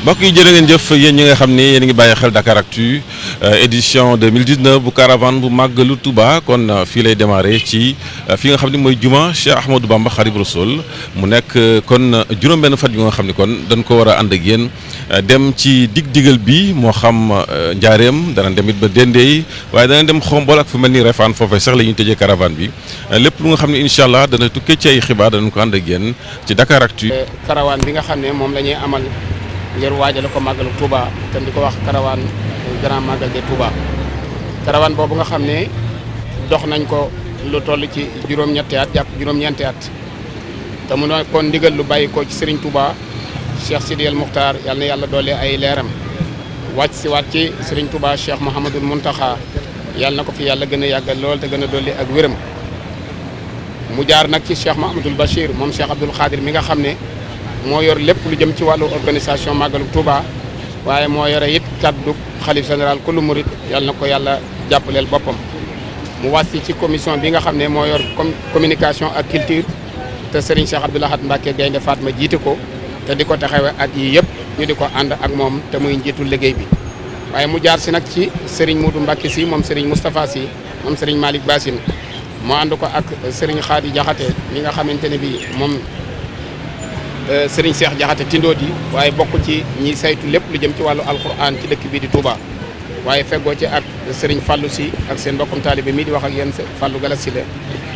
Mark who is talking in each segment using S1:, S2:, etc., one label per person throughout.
S1: mbokk yi jërë ngeen jëf yéen ñi nga xam ni yéen ngi bàyyi xel Dakaractu euh, édition 2019 bu caravane bu lu tubaa kon euh, fii lay démarré ci euh, fi nga xam ni mooy juma Cheikh Ahmadou Bamba Xaadimu Rasuul mu nekk kon juróom-benn fan yu nga xam ne kon dañ ko war a ànd ak dem ci dig-digal bi moo xam njaareem dana dem it ba Dendey waaye dana dem Xombol ak fu mel ni Refaan foofee sax la ñuy tëjee caravane bi lépp lu nga xam ne incha allah dana tukkee ci ay xibaar danañ ko ànd ak yéen ci Dakaractu
S2: caravane bi nga xam ne moom la ñuy amal. ngir la ko màggalu Touba te di ko wax karawaan grand màggal de Touba karawaan boobu nga xam ne dox nañ ko lu toll ci juróom-ñetti at jàpp juróom-ñeenti at te mu ne kon ndigal lu bàyyi ko ci Serigne Touba Cheikh Sidi El Moukhtar yàlla na yàlla doole ay leeram wàcc si waat ci Serigne Touba Cheikh Mouhamadul Mountakha yàlla na ko fi yàlla gën a yàggal lool te gën a dolli ak wéram mu jaar nag ci Cheikh Mouhamadul Bachir moom Cheikh Abdoul Khadir mi nga xam ne. moo yor lépp lu jëm ci wàllu organisation màggalu Touba waaye moo yore it kaddu xalif général kullu murit yàlla na ko yàlla jàppaleel boppam. mu wàcc ci commission bi nga xam ne moo yor communication ak culture te Serigne Cheikh Abdou Lahad Mbacké Gaynde ma jiite ko te di ko taxawee ak yi yëpp ñu di ko ànd ak moom te muy njiitu liggéey bi. waaye mu jaar si nag ci Serigne Moudou Mbacké si moom Serigne Moustapha si moom Serigne Malick Bassine mu ànd ko ak Serigne Euh, Serigne Cheikh Diakhaté Tindodi waaye bokk ci ñi saytu lépp lu jëm ci wàllu alquran ci dëkk bii di Touba waaye fegoo ci ak Serigne Fallou si ak seen mbokkum taalibe mii di wax ak yéen Fallou Galas si la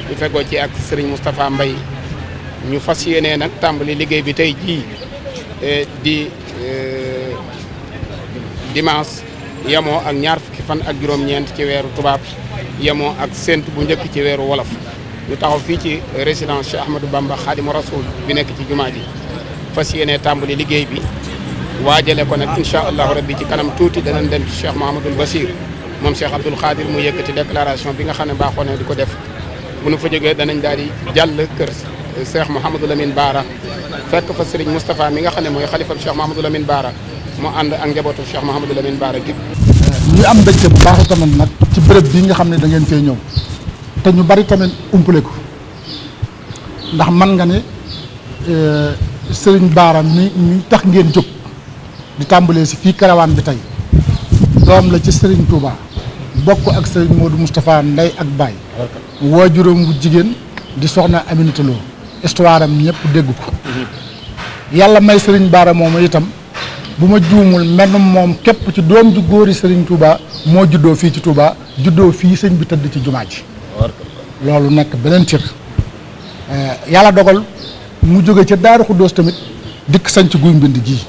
S2: ñu fegoo ci ak Serigne Moustapha Mbaye ñu fas yéenee nag tàmbali liggéey bi tey jii euh, di euh, dimanche yemoo ak ñaar fukki fan ak juróom-ñeent ci weeru tubaab yemoo ak séntu bu njëkk ci weeru wolof ñu taxaw fii ci résidence Cheikh Ahmadou Bamba Khadimu Rasoul bi nekk ci jumaa ji fas yéene tàmbali liggéey bi waajale ko nag incha allahu rabbi ci kanam tuuti danañ dem ci Cheikh Mahamadul Basir moom Cheikh Abdoul Khadir mu yëkkati déclaration bi nga xam ne baaxoo na di ko def bu nu fa jógee danañ daal di jàll kër euh, Cheikh Mouhamadou Lamine Baara fekk fa Serigne Moustapha mi nga xam ne mooy xalifam Cheikh Mouhamadou Lamine Baara mu ànd ak njabootu Cheikh Mouhamadou Lamine Baara gi
S1: ñu am mbégte bu baax a nag ci béréb bii nga xam ne da ngeen fee ñëw te ñu bari tamit umpale ko ndax man nga ne euh, sëriñ Baara mi mi tax ngeen jóg di tàmbalee si fii karawaan bi tey doom la ci sëriñ Touba bokk ak sëriñ Modou Moustapha ndey ak baay waajuram bu jigéen di soxna Aminata Lo histoire am dégg ko yàlla may sëriñ Baara moomu itam bu ma juumul menn moom képp ci doom ju góori sëriñ Touba moo juddoo fii ci Touba juddoo fii sëñ bi tëdd ci jumaa ji loolu nekk beneen cër eh, yàlla dogal mu jóge ca Daaru Xuddoos tamit dikk sanc guy mbind gii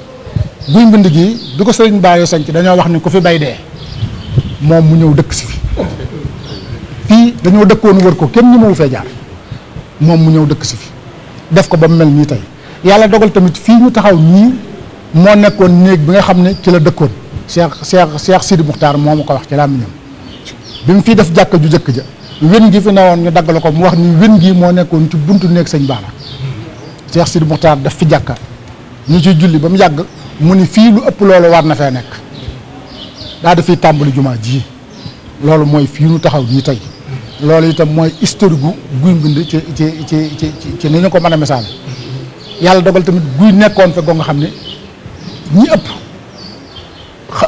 S1: guy mbind gii bi ko sëriñ Baye sanc dañoo wax ni ku fi bay dee moom mu ñëw dëkk si fii dañoo dëkkoon ko kenn ñu mawu fee moom mu ñëw dëkk si fi def ko ba mu mel nii tey yàlla dogal tamit fii taxaw nii moo nekkoon néeg bi nga xam ne ci la dëkkoon Cheikh Cheikh Cheikh Sidi Muxtaar moo ma ko wax ci làmmiñam bi mu fii def jàkka ju jëkk ja wen gi fi newoon ñu daggal ko mu wax ni wen gi moo nekkoon ci buntu néeg sëñ Baara Cheikh Sidi Muxtaar daf fi jàkka ñu ci julli ba mu yàgg mu ni fii lu ëpp loolu war na fee nekk daa dafiy tàmbali jumaa ji loolu mooy fii nu taxaw nii tey loolu itam mooy historique gu guy mbind ci ci ci ci ci ni ko mën a misaale yàlla dogal tamit guy nekkoon fe goo nga xam ne ñi ëpp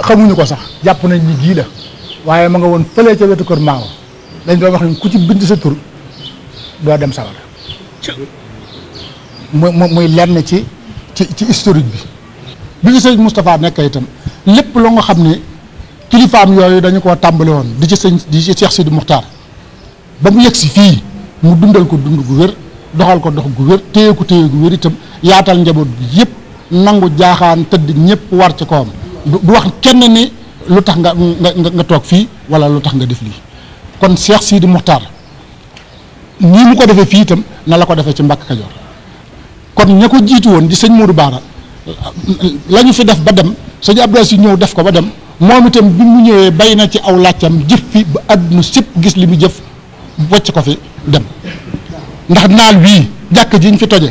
S1: xamuñu ko sax jàpp nañ ni gii la waaye ma nga woon fëlee ca wetu kër Maawa dañ doon wax ni ku ci bind sa tur do dem sawara moy moy lenn ci ci ci historique bi bi ci sëñ mustapha nek itam lepp lo nga xam kilifa am yoyu dañ ko tàmbali won di ci sëñ di ci Cheikh sidou mukhtar ba mu yeksi fi mu dundal ko dundu gu wer doxal ko dox gu wer teye ko teye gu wer itam yaatal njabot yep yëpp nangu jaaxaan tëdd ñëpp war ci koom du wax kenn ni lutax nga nga tok fi wala lutax nga def li kon Cheikh Sidi Muxtaar nii mu ko defee fii itam na la ko defee ci Mbàkke Kajoor kon ña ko jiitu woon di sëñ Modou Baara lañu fi def ba dem sëñ Abdou si ñëw def ko ba dem moom itam bi mu ñëwee bay na ci aw laajtam jëf fi ba àdduna gis li mu jëf wocc ko fi dem ndax naal wii jàkk jiñ fi toje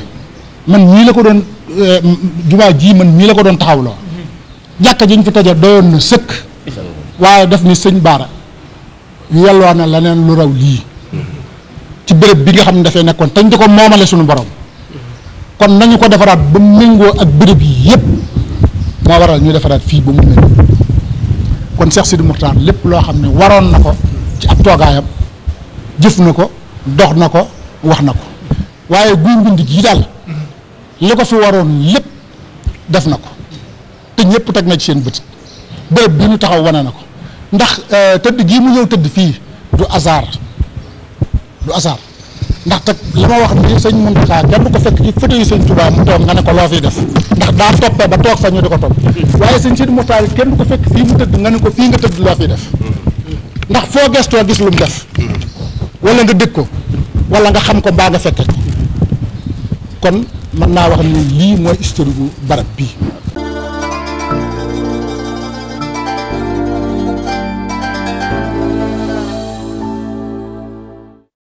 S1: man ñii la ko doon eh, jumaa ji man ñii la ko doon taxawloo jàkk ji ñu fi toje doyoon na sëkk waaye def ni sëñ Baara yelloo na leneen lu raw lii ci bërëb bi nga xam ne dafay nekkoon te ñu di ko moomale suñu borom kon nañu ko defaraat ba méngoo ak béréb yi yëpp moo waral ñu defaraat fii ba mu mel kon Cheikh Sidi Moukhtar lépp loo xam ne waroon na ko ci ab toogaayam jëf na ko dox na ko wax na ko waaye guy mbind gii daal li ko fi waroon lépp def na ko te ñëpp teg na ci seen bët bërëb bi ñu taxaw wane na ko ndax eh, teud gi mu ñew teud fi du azar du azar ndax tak lima wax ni sëñ Muntaxa dem ko fekk ci fete yi sëñ touba mu tok nga ne ko lo fi def ndax da topé ba tok fa ñu diko top waye waaye sëñ Sidi Muxtaar kenn ko fekk fi mu teud nga ne ko fi nga teud lo fi def ndax fo gesto gis lu mu def wala nga dekk ko wala nga xam ko ba nga fekk kon man na wax ni li moy historique bu barab bi